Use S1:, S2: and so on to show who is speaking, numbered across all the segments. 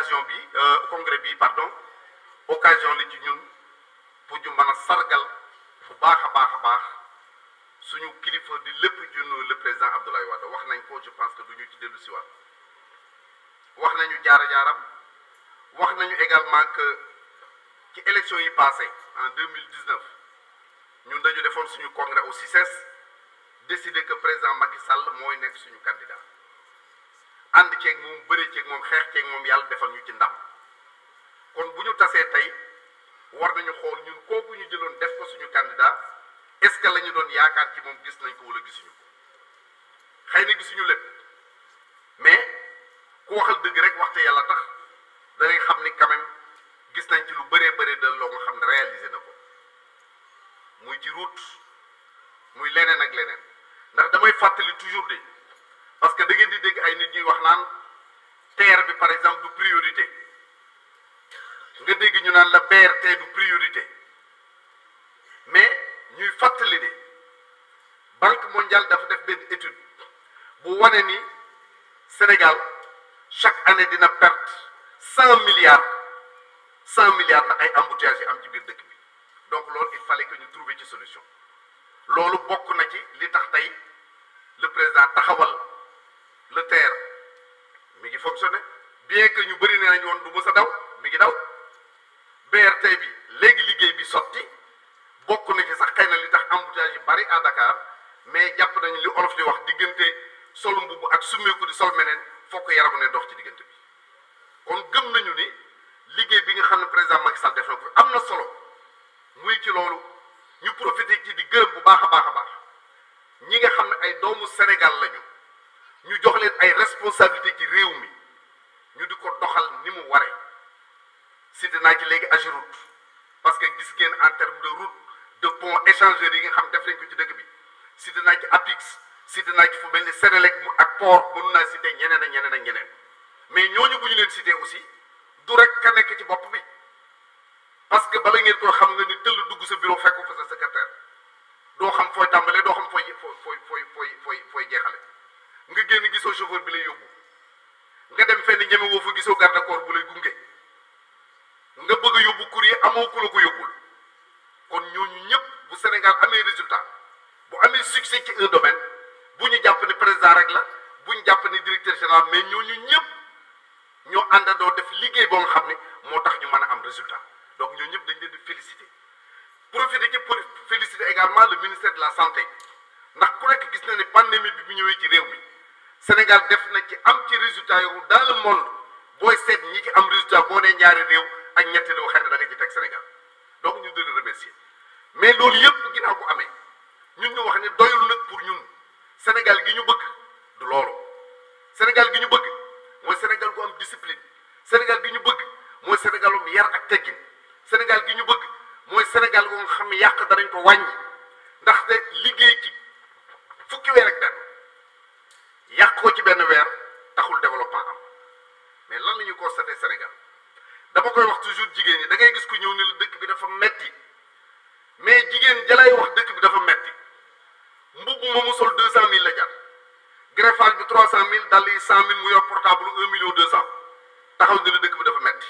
S1: occasion bi euh, congrès bi pardon occasion le ci ñun pour ñu mën a sargal bu baax a baax a baax suñu kilifa di lépp junn le président Abdoulaye Wade wax nañ ko je pense que du ñu ci dellu si waat wax nañu jaara-jaaram wax nañu également que ci élection yi passé en 2019 ñun dañu defoon suñu congrès au CICES décidé que président Macky Sall mooy nekk suñu candidat ànd ceeg moom bëri ceeg moom xeex ceeg moom yàlla defal ñu ci ndam kon bu ñu tasee tey war nañu xool ñun kooku ñu jëloon def ko suñu candidat est-ce que la doon yaakaar ci moom gis nañ ko wala gisuñu ko xëy na gisuñu lépp mais ku waxal dëgg rek waxte yàlla tax danañ xam ni quand gis nañ ci lu bëree bëri de loo nga xam ne réalisé na ko muy ci route muy leneen ak leneen ndax damay fàttali toujours de parce que da dégg ay nit ñuy wax naan TER bi par exemple du priorité nga dégg ñu naan la BRT du priorité mais ñuy fàttali ne banque mondiale dafa def benn étude bu wane ni Sénégal chaque année dina perte cent milliards cent milliards ndax ay embouteillages yi am ci biir dëkk bi donc loolu il fallait que ñu trouver ci solution loolu bokk na ci li tax tey le président taxawal le TER fonctionné bien que ñu bëri ne nañ woon du sa a daw mi ngi daw BRT bi léegi liggéey bi sotti bokk na ci sax xëy na li tax embouteillage yi bari à Dakar mais jàpp nañu li olof di wax diggante sol mbubb ak summeeku di sol meneen fokk yaramu ne dox ci diggante bi kon gëm nañu ni liggéey bi nga xam ne président Macky Sall def na ko am na solo muy ci loolu ñu profit profité ci di gërëm bu baax a baax a baax ñi nga xam ne ay doomu Sénégal lañu. ñu jox leen ay responsabilité ci réew mi ñu di ko doxal ni mu waree cité naa ci léegi AGEROUTE parce que gis ngeen en terme de route de pont échangeur yi nga xam def nañ ko ci dëkk bi cité naa ci APIX cité naa ci fu mel ni mu ak port mënu naa cité ñeneen ak ñeneen a ñeneen mais ñooñu bu ñu leen cité aussi du rek ka nekk ci bopp bi parce que bala ngeen koo xam nga ni tëll dugg sa bureau fekk fa sa secrétaire doo xam fooy tàmbalee doo xam fooy gisoo garde corps bu lay gunge nga bëgg a yóbbu courrier amoo ku la ko yóbbul kon ñooñu ñëpp bu Sénégal amee résultat bu amee succès ci un domaine bu ñu jàpp ne président rek la bu ñu jàpp ni directeur général mais ñooñu ñëpp ñoo doo def liggéey boo nga xam ne moo tax ñu mën a am résultat donc ñooñu ñëpp dañ leen di féliciter profiter ci pour féliciter également le ministère de la santé ndax ku nekk gis na ni pandémie bi bu ñëwee ci réew mi Sénégal def na ci am ci résultat yow dans le booy seet ñi ci am résultat boo nee ñaari réew ak ñetti réew xëy na da nga ci teg Sénégal donc ñu di remercier mais loolu yëpp ginnaaw bu amee ñun ñu wax ne doyul nag pour ñun Sénégal gi ñu bëgg du loolu Sénégal gi ñu bëgg mooy Sénégal gu am discipline Sénégal gi ñu bëgg mooy Sénégalum yar ak teggin Sénégal gi ñu bëgg mooy Sénégal gu nga xam ne yàq danañ ko wàññi. ñuy constaté Sénégal dama koy wax toujours jigéen ñi da ngay gis ku ñëw ni la dëkk bi dafa metti mais jigéen jalay wax dëkk bi dafa metti mbubb ma mu sol deux cent mille la jar greffage bi trois cent mille dal cent mille mu yor portable un million deux cent taxaw ni la dëkk bi dafa metti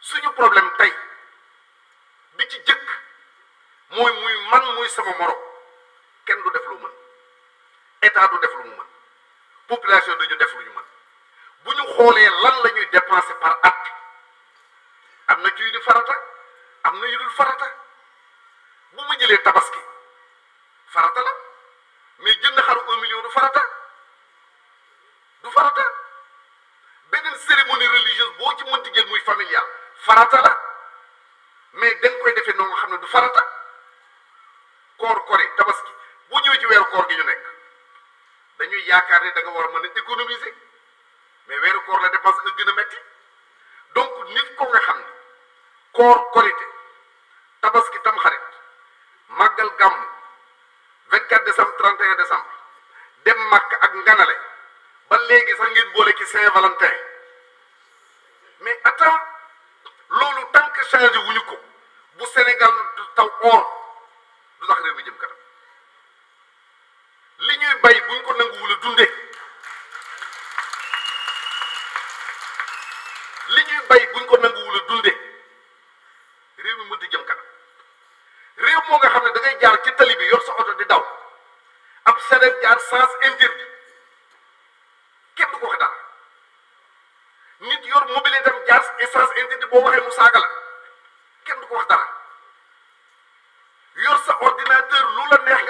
S1: suñu problème tey bi ci jëkk mooy muy man muy sama morom kenn du def lu mën état du def lu mu mën population dañu def lu ñu bu ñu xoolee lan la ñuy dépenser par at am na ciy farata am na yu farata bu ma jëlee tabaski farata la mais jënd xaru un million du farata du farata beneen cérémonie religieuse boo ci mënti jël muy familial farata la mais dañ koy defee noonu xam ne du farata koor kori tabaski bu ñëwee ci weeru koor gi ñu nekk dañuy yaakaar ne da war a mën a économiser. mais weeru koor la dépense nga gën a metti donc nit ko nga xam ni koor korité tabaski tamxarit màggal gàmm 24 décembre 31 décembre dem màkk ak nganale ba léegi sax ngeen boole ci Saint-Valentin mais attends loolu tant que changé wuñu ko bu Sénégal taw or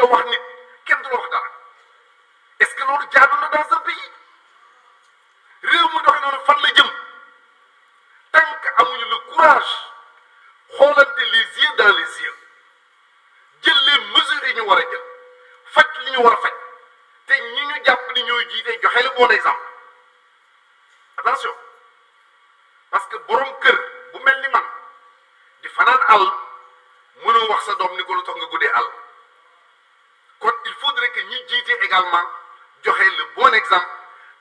S1: nga wax nit kenn du la wax dara ce que loolu jaadu na dans un pays réew mu doxe noonu fan la jëm tant amuñu le courage xoolante les yeux dans les yeux jël les mesures yi ñu war a jël faj li ñu war a faj te ñu ñu jàpp ni ñooy jiite joxe le bon exemple attention parce que borom kër bu mel ni man di fanaan àll mënoo wax sa doom ni ko lu nga guddee àll il faudrait que ñi jiite également joxe le bon exemple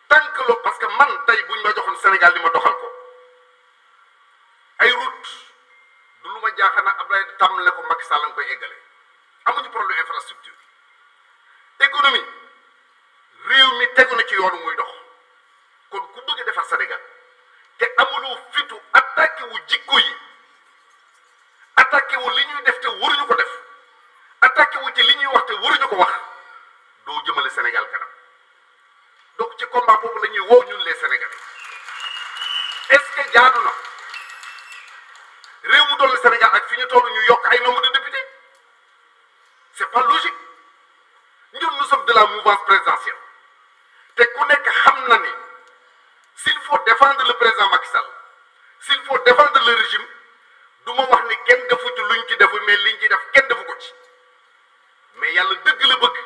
S1: tant que lo parce que man tey bu ñu ma joxoon Sénégal li ma doxal ko ay route du lu ma jaaxal nag Abdoulaye tàmmale ko Macky Sall nga koy eggale amuñu problème infrastructure économie réew mi tegu na ci yoonu muy dox kon ku bëgg defar Sénégal te amuloo fitu attaqué jikko yi attaqué wu li ñuy def te waruñu ko attaqué wu ci li ñuy wax te waruñu ko wax doo jëmale Sénégal kanam donc ci combat boobu la ñuy woo ñun les Sénégalais est na réew mu toll Sénégal ak fi ñu toll ñu yokk ay nombre de députés c'est pas logique ñun nous sommes de la mouvance présidentielle te ku nekk xam na ni si s'il faut défendre le président Macky Sall s'il faut défendre le régime du ma wax ni kenn defu ci luñ ci defu mais liñ ci def kenn defu ko ci. yàlla dëgg la bëgg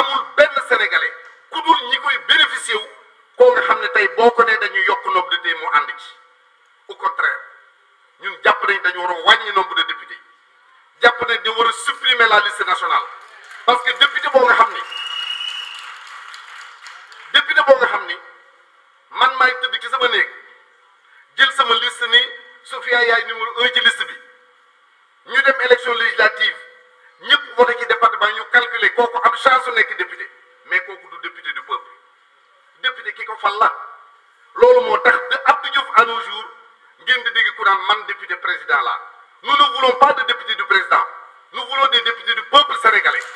S1: amul benn sénégalais ku dul ñi koy bénéficier wu koo nga xam ne tey boo ko nee dañuy yokk nombre de député mu ànd ci au contraire ñun jàpp nañ dañu war a wàññi nombre de député jàpp nañ dañu war a la liste national parce que député boo nga xam ni député boo nga xam ni man maay tëdd ci sama néeg jël sama liste ni Sofia yaay numéro un liste bi ñu dem élection législative ñëpp voté ci département ñu calculer kooku am chance su nekk député mais kooku du député du peuple député ki ko fal la loolu moo tax de Abdou Diouf à nos jours ngeen di dégg ku naan man député président la nous ne voulons pas de député du président nous voulons des députés du peuple sénégalais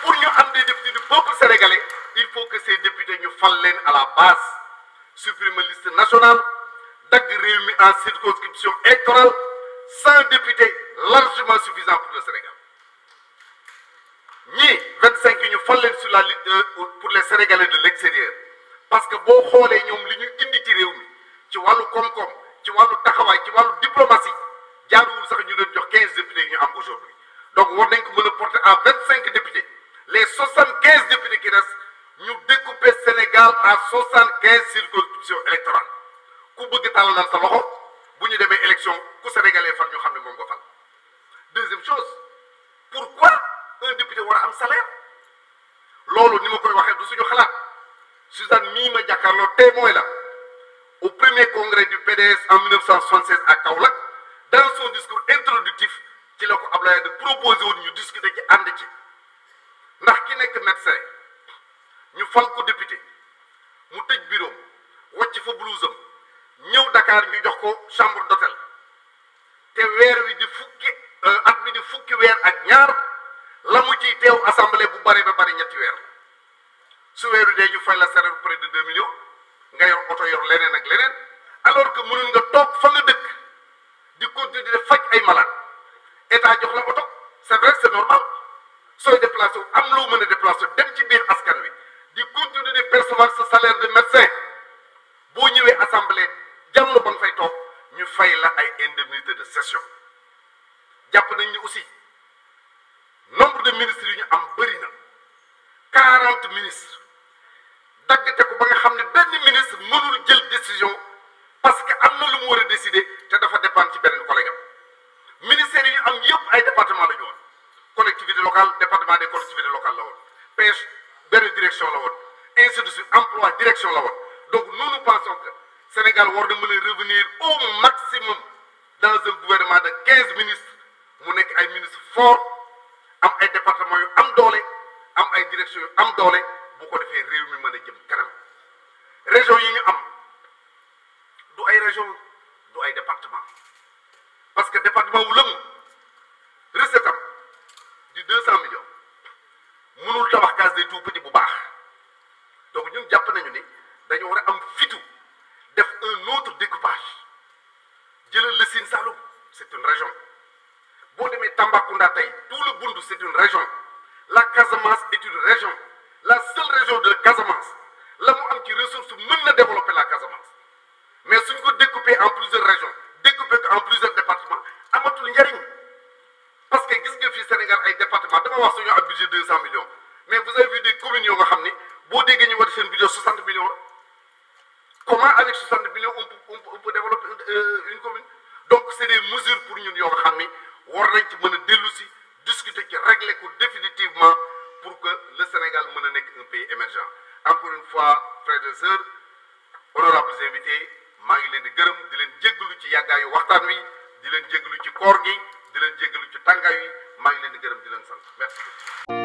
S1: pour ñu am des députés du peuple sénégalais il faut que ces députés ñu fal leen à la base supprimer liste nationale dagg réew mi en circonscription électorale sans député largement suffisant pour le Sénégal ñii vingt cinq ñu fal leen sur la euh, pour les Sénégalais de l'extérieur parce que boo xoolee ñoom li ñu indi ci réew mi ci wàllu koom ci wàllu taxawaay ci wàllu diplomatie jaaruwul sax ñu leen jox quinze députés yi ñu am aujourd'hui donc war nañ ko mën a porter à vingt cinq députés les soixante quinze députés qui restent ñu découper Sénégal à soixante quinze circonscriptions électorales ku bëgg tàllalal sa loxo bu ñu demee élection ku sénégalais far ñu xam ne moom nga deuxième chose pourquoi un député war a am salaire loolu ni ma koy waxee du suñu xalaat Suzanne mii ma jàkkaarloo témoin la au premier congrès du PDS en 1976 à Kaolack dans son discours introductif ci la ko Ablaye de proposé woon ñu discuter ci ànd ci ndax ki nekk médecin ñu fal député mu tëj bureau wàcc fa blouse am ñëw Dakar ñu jox ko chambre d'hôtel te weer wi di fukk weer ak ñaar la mu ciy teew assemblée bu bare ba bari ñetti weer la su weeru dee ñu fay la salaire près de deux millions nga yor oto yor leneen ak leneen alors que mënul nga toog fa nga dëkk di continuer di faj ay malade état jox la oto c' est vrai c' est sooy déplacé wu am loo mën a déplacé dem ci biir askan wi di continuer di percevoir sa salaire de médecin boo ñëwee assemblée jàmm ba nga fay toog ñu fay la ay indemnité de session jàpp nañ ni aussi. ministre yi ñu am bëri na ministre ministres te ko ba nga xam ne benn ministre mënul jël décision parce que am na lu mu war a décider te dafa dépendre ci beneen collègue am ministère yi ñu am yëpp ay département la ñu woon collectivité locale département de collectivités locales la woon pêche benn direction la woon ainsi de direction la woon donc nous nous pensons Sénégal war na mën a revenir au maximum dans un gouvernement de quinze ministres mu nekk ay ministres forts am ay département yu am doole am ay direction yu am doole bu ko defee réew mi mën a jëm kanam région yi ñu am du ay région lu ay département parce que département wu lëmm recette am di deux cent millions mënul tabax case des tout petits bu baax donc ñun jàpp nañu ni dañoo war a am fitu def un autre découpage jëlal le Sine Saloum c'est une région Tambacounda tey tout le Bundu c'est une région la Casamance est une région la seule région de Casamance la mu am ci ressource mën na développer la Casamance mais suñ ko découper en plusieurs régions découper ko en plusieurs départements amatul njariñ parce que gis nga fii Sénégal ay département dama wax suñu am budget deux cent millions mais vous avez vu des communes nga xam ni boo déggee ñu war seen budget soixante millions comment avec soixante millions on euh, donc c'est des mesures pour ñun yoo nga war nañ ci mën a dellu si discuter ci régler ko définitivement pour que le Sénégal mën a nekk un pays émergent encore une fois frères de sœurs honorables invités maa ngi leen di gërëm di leen jéggalu ci yàggaayu waxtaan wi di leen jéggalu ci koor gi di leen jéggalu ci tàngaay wi maa ngi leen di gërëm di leen sant merci